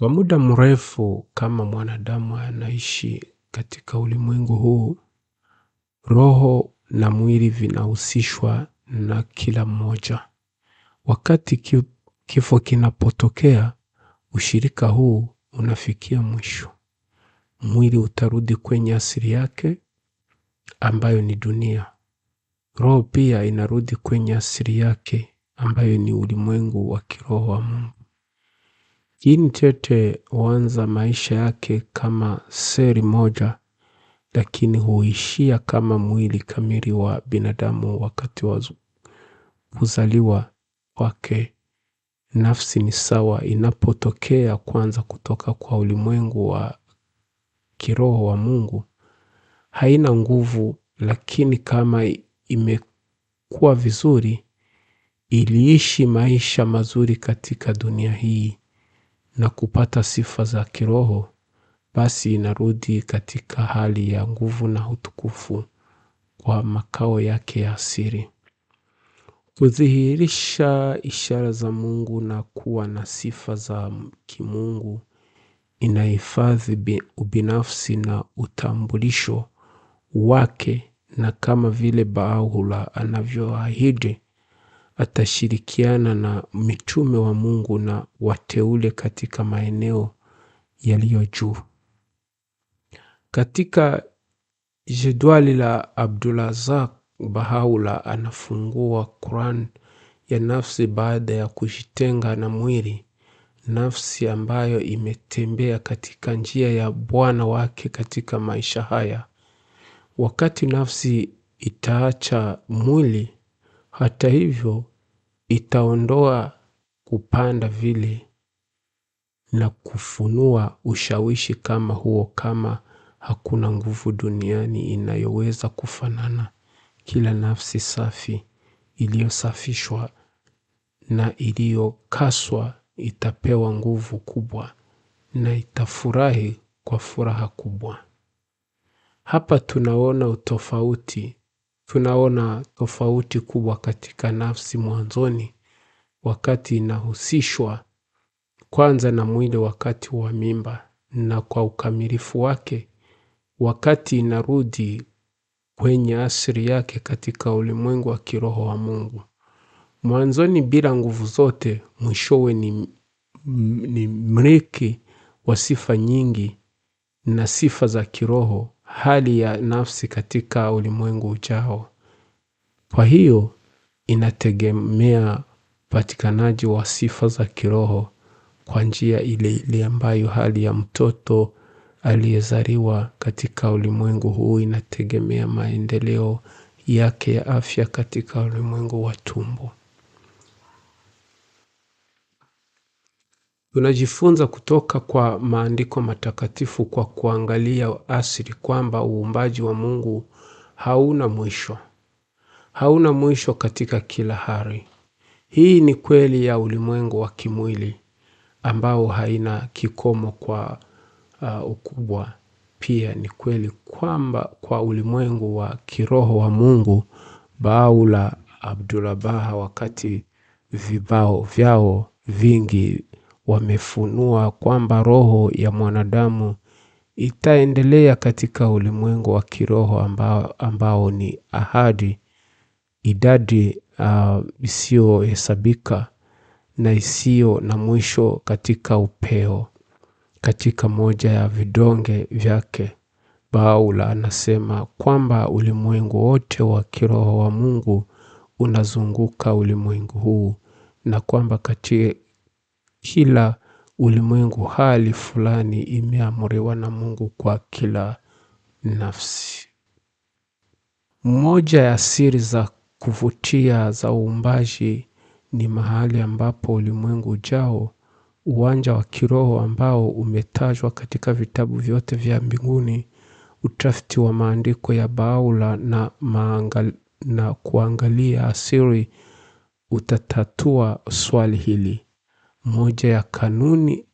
Kwa muda mrefu kama mwanadamu anaishi katika ulimwengu huu, roho na mwili vinahusishwa na kila mmoja. Wakati kifo kinapotokea, ushirika huu unafikia mwisho. Mwili utarudi kwenye asili yake ambayo ni dunia. Roho pia inarudi kwenye asili yake ambayo ni ulimwengu wa kiroho wa Mungu. Jini Tete huanza maisha yake kama seri moja lakini huishia kama mwili kamili wa binadamu wakati wa kuzaliwa kwake. Nafsi ni sawa inapotokea kwanza kutoka kwa ulimwengu wa kiroho wa Mungu. Haina nguvu lakini kama imekuwa vizuri iliishi maisha mazuri katika dunia hii na kupata sifa za kiroho, basi inarudi katika hali ya nguvu na utukufu kwa makao yake ya asili. Kudhihirisha ishara za Mungu na kuwa na sifa za kimungu inahifadhi ubinafsi na utambulisho wake, na kama vile Baha'u'llah anavyoahidi atashirikiana na mitume wa Mungu na wateule katika maeneo yaliyo juu. Katika jedwali la Abdulrazak Bahaula anafungua Quran ya nafsi baada ya kujitenga na mwili, nafsi ambayo imetembea katika njia ya Bwana wake katika maisha haya. Wakati nafsi itaacha mwili, hata hivyo, itaondoa kupanda vile na kufunua ushawishi kama huo kama hakuna nguvu duniani inayoweza kufanana kila nafsi safi iliyosafishwa na iliyokaswa itapewa nguvu kubwa na itafurahi kwa furaha kubwa. Hapa tunaona utofauti tunaona tofauti kubwa katika nafsi mwanzoni wakati inahusishwa kwanza na mwili wakati wa mimba na kwa ukamilifu wake wakati inarudi kwenye asiri yake katika ulimwengu wa kiroho wa Mungu. Mwanzoni bila nguvu zote, mwishowe ni, ni mriki wa sifa nyingi na sifa za kiroho hali ya nafsi katika ulimwengu ujao. Kwa hiyo inategemea upatikanaji wa sifa za kiroho kwa njia ile ile ambayo hali ya mtoto aliyezaliwa katika ulimwengu huu inategemea maendeleo yake ya afya katika ulimwengu wa tumbo. Tunajifunza kutoka kwa maandiko matakatifu kwa kuangalia asili kwamba uumbaji wa Mungu hauna mwisho. Hauna mwisho katika kila hari Hii ni kweli ya ulimwengu wa kimwili ambao haina kikomo kwa uh, ukubwa. Pia ni kweli kwamba kwa ulimwengu wa kiroho wa Mungu Baula Abdulabaha wakati vibao vyao vingi wamefunua kwamba roho ya mwanadamu itaendelea katika ulimwengu wa kiroho ambao, ambao ni ahadi idadi uh, isiyohesabika na isiyo na mwisho katika upeo. Katika moja ya vidonge vyake Paula anasema kwamba ulimwengu wote wa kiroho wa Mungu unazunguka ulimwengu huu na kwamba kati, kila ulimwengu hali fulani imeamuriwa na Mungu kwa kila nafsi. Moja ya siri za kuvutia za uumbaji ni mahali ambapo ulimwengu ujao, uwanja wa kiroho ambao umetajwa katika vitabu vyote vya mbinguni, utafiti wa maandiko ya Baula na maangal, na kuangalia asiri utatatua swali hili. Moja ya kanuni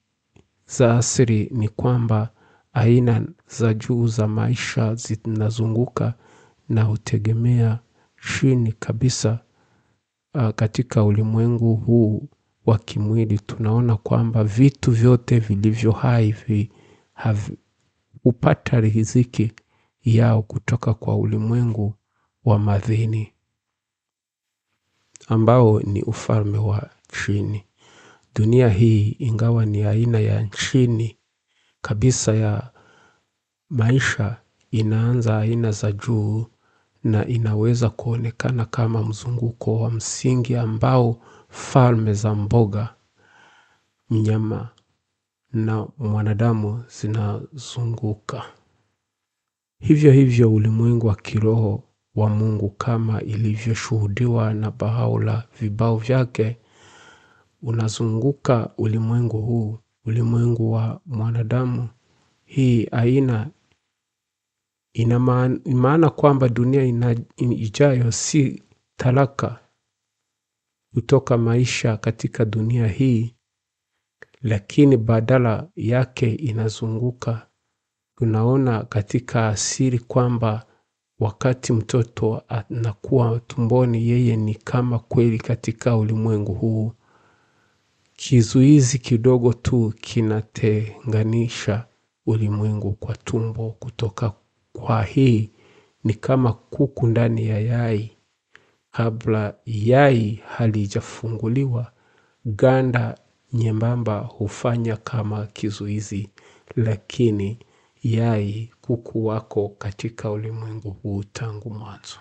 za asili ni kwamba aina za juu za maisha zinazunguka na hutegemea chini kabisa ah, katika ulimwengu huu wa kimwili. Tunaona kwamba vitu vyote vilivyo hai hupata riziki yao kutoka kwa ulimwengu wa madhini ambao ni ufalme wa chini dunia hii ingawa ni aina ya chini kabisa ya maisha inaanza aina za juu na inaweza kuonekana kama mzunguko wa msingi ambao falme za mboga mnyama na mwanadamu zinazunguka. Hivyo hivyo ulimwengu wa kiroho wa Mungu kama ilivyoshuhudiwa na Bahaula la vibao vyake unazunguka ulimwengu huu, ulimwengu wa mwanadamu. Hii aina ina maana kwamba dunia ina, ijayo si talaka kutoka maisha katika dunia hii, lakini badala yake inazunguka. Tunaona katika asiri kwamba wakati mtoto anakuwa tumboni, yeye ni kama kweli katika ulimwengu huu. Kizuizi kidogo tu kinatenganisha ulimwengu kwa tumbo kutoka kwa hii ni kama kuku ndani ya yai. Kabla yai halijafunguliwa, ganda nyembamba hufanya kama kizuizi, lakini yai kuku wako katika ulimwengu huu tangu mwanzo.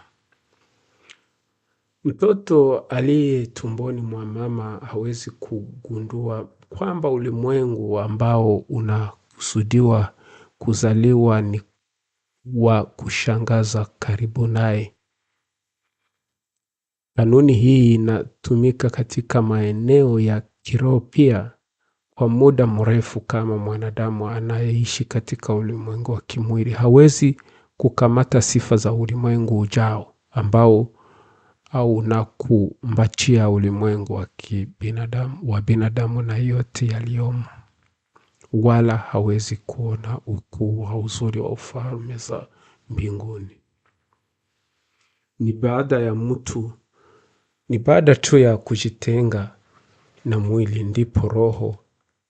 Mtoto aliye tumboni mwa mama hawezi kugundua kwamba ulimwengu ambao unakusudiwa kuzaliwa ni wa kushangaza karibu naye. Kanuni hii inatumika katika maeneo ya kiroho pia kwa muda mrefu. Kama mwanadamu anayeishi katika ulimwengu wa kimwili, hawezi kukamata sifa za ulimwengu ujao ambao au kumbachia ulimwengu wa kibinadamu wa binadamu na yote yaliyomo, wala hawezi kuona ukuu wa uzuri wa ufalme za mbinguni. Ni baada ya mtu, ni baada tu ya kujitenga na mwili, ndipo roho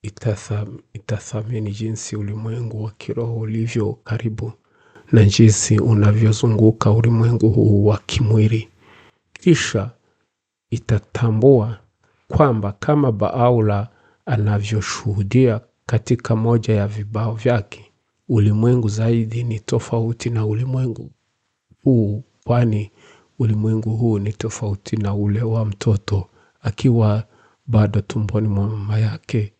itathamini itatham jinsi ulimwengu wa kiroho ulivyo karibu na jinsi unavyozunguka ulimwengu huu wa kimwili kisha itatambua kwamba kama Baaula anavyoshuhudia katika moja ya vibao vyake, ulimwengu zaidi ni tofauti na ulimwengu huu, kwani ulimwengu huu ni tofauti na ule wa mtoto akiwa bado tumboni mwa mama yake.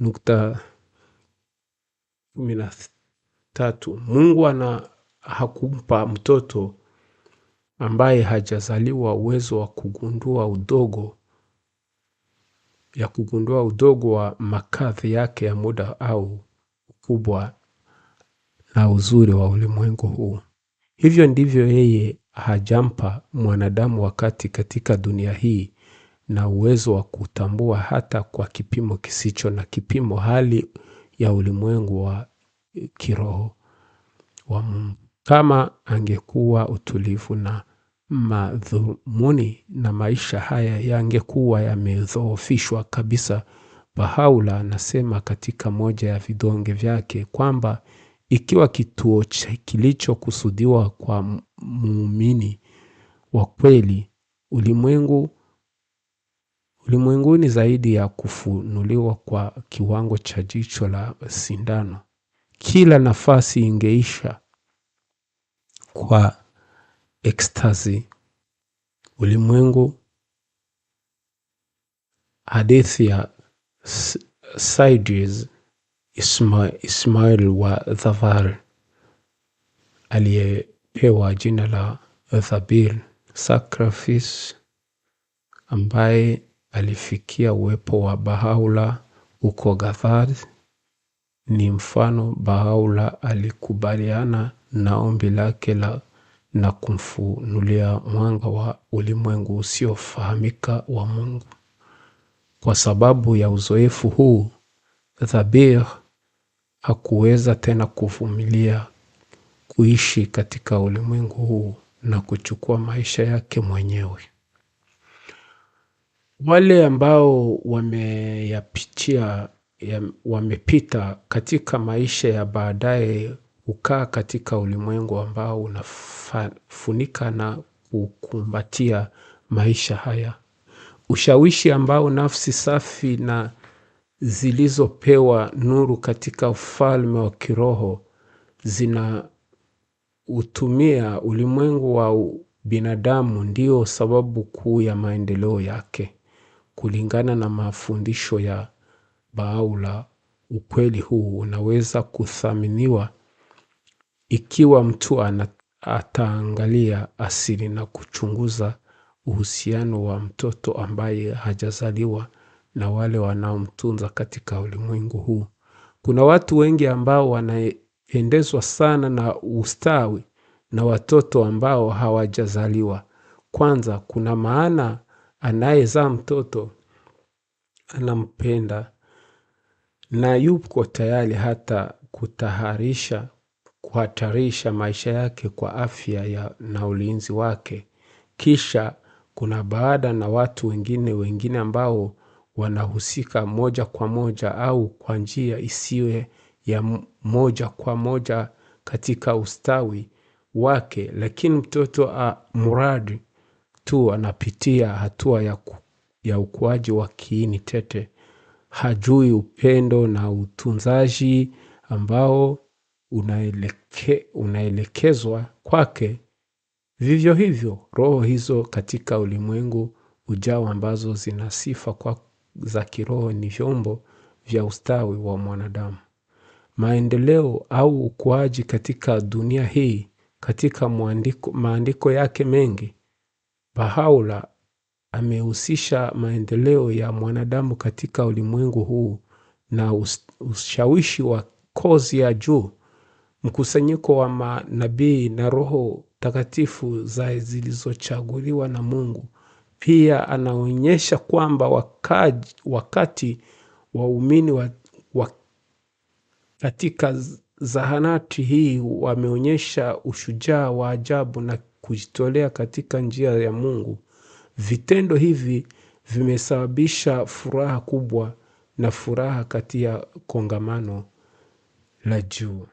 Nukta kumi na tatu, Mungu ana hakumpa mtoto ambaye hajazaliwa uwezo wa kugundua udogo ya kugundua udogo wa makazi yake ya muda au ukubwa na uzuri wa ulimwengu huu. Hivyo ndivyo yeye hajampa mwanadamu wakati katika dunia hii na uwezo wa kutambua hata kwa kipimo kisicho na kipimo hali ya ulimwengu wa kiroho wa Mungu. Kama angekuwa utulivu na madhumuni na maisha haya yangekuwa yamedhoofishwa kabisa. bahaula anasema katika moja ya vidonge vyake kwamba ikiwa kituo kilichokusudiwa kwa muumini wa kweli ulimwengu ulimwenguni zaidi ya kufunuliwa kwa kiwango cha jicho la sindano, kila nafasi ingeisha kwa ekstasi, ulimwengu, hadithi ya Ismail wa Dhavar aliyepewa jina la thabil Sakrafis ambaye alifikia uwepo wa Bahaula huko Ghazaad ni mfano Bahaula alikubaliana na ombi lake la na kumfunulia mwanga wa ulimwengu usiofahamika wa Mungu. Kwa sababu ya uzoefu huu, dhabir hakuweza tena kuvumilia kuishi katika ulimwengu huu na kuchukua maisha yake mwenyewe. Wale ambao wameyapitia, wamepita katika maisha ya baadaye hukaa katika ulimwengu ambao unafunika na kukumbatia maisha haya. Ushawishi ambao nafsi safi na zilizopewa nuru katika ufalme wa kiroho zinautumia ulimwengu wa binadamu ndio sababu kuu ya maendeleo yake, kulingana na mafundisho ya Baha'u'llah. Ukweli huu unaweza kuthaminiwa ikiwa mtu ataangalia asili na kuchunguza uhusiano wa mtoto ambaye hajazaliwa na wale wanaomtunza katika ulimwengu huu. Kuna watu wengi ambao wanaendezwa sana na ustawi na watoto ambao hawajazaliwa. Kwanza kuna maana anayezaa mtoto anampenda na yuko tayari hata kutaharisha kuhatarisha maisha yake kwa afya ya na ulinzi wake. Kisha kuna baada na watu wengine wengine ambao wanahusika moja kwa moja au kwa njia isiyo ya moja kwa moja katika ustawi wake, lakini mtoto a mradi tu anapitia hatua ya ukuaji wa kiini tete, hajui upendo na utunzaji ambao unaeleke, unaelekezwa kwake. Vivyo hivyo roho hizo katika ulimwengu ujao ambazo zina sifa kwa za kiroho ni vyombo vya ustawi wa mwanadamu. Maendeleo au ukuaji katika dunia hii katika muandiko, maandiko yake mengi Bahaula amehusisha maendeleo ya mwanadamu katika ulimwengu huu na ushawishi wa kozi ya juu mkusanyiko wa manabii na roho takatifu za zilizochaguliwa na Mungu. Pia anaonyesha kwamba wakati, wakati waumini wa, wa katika zahanati hii wameonyesha ushujaa wa ajabu na kujitolea katika njia ya Mungu. Vitendo hivi vimesababisha furaha kubwa na furaha kati ya kongamano la juu.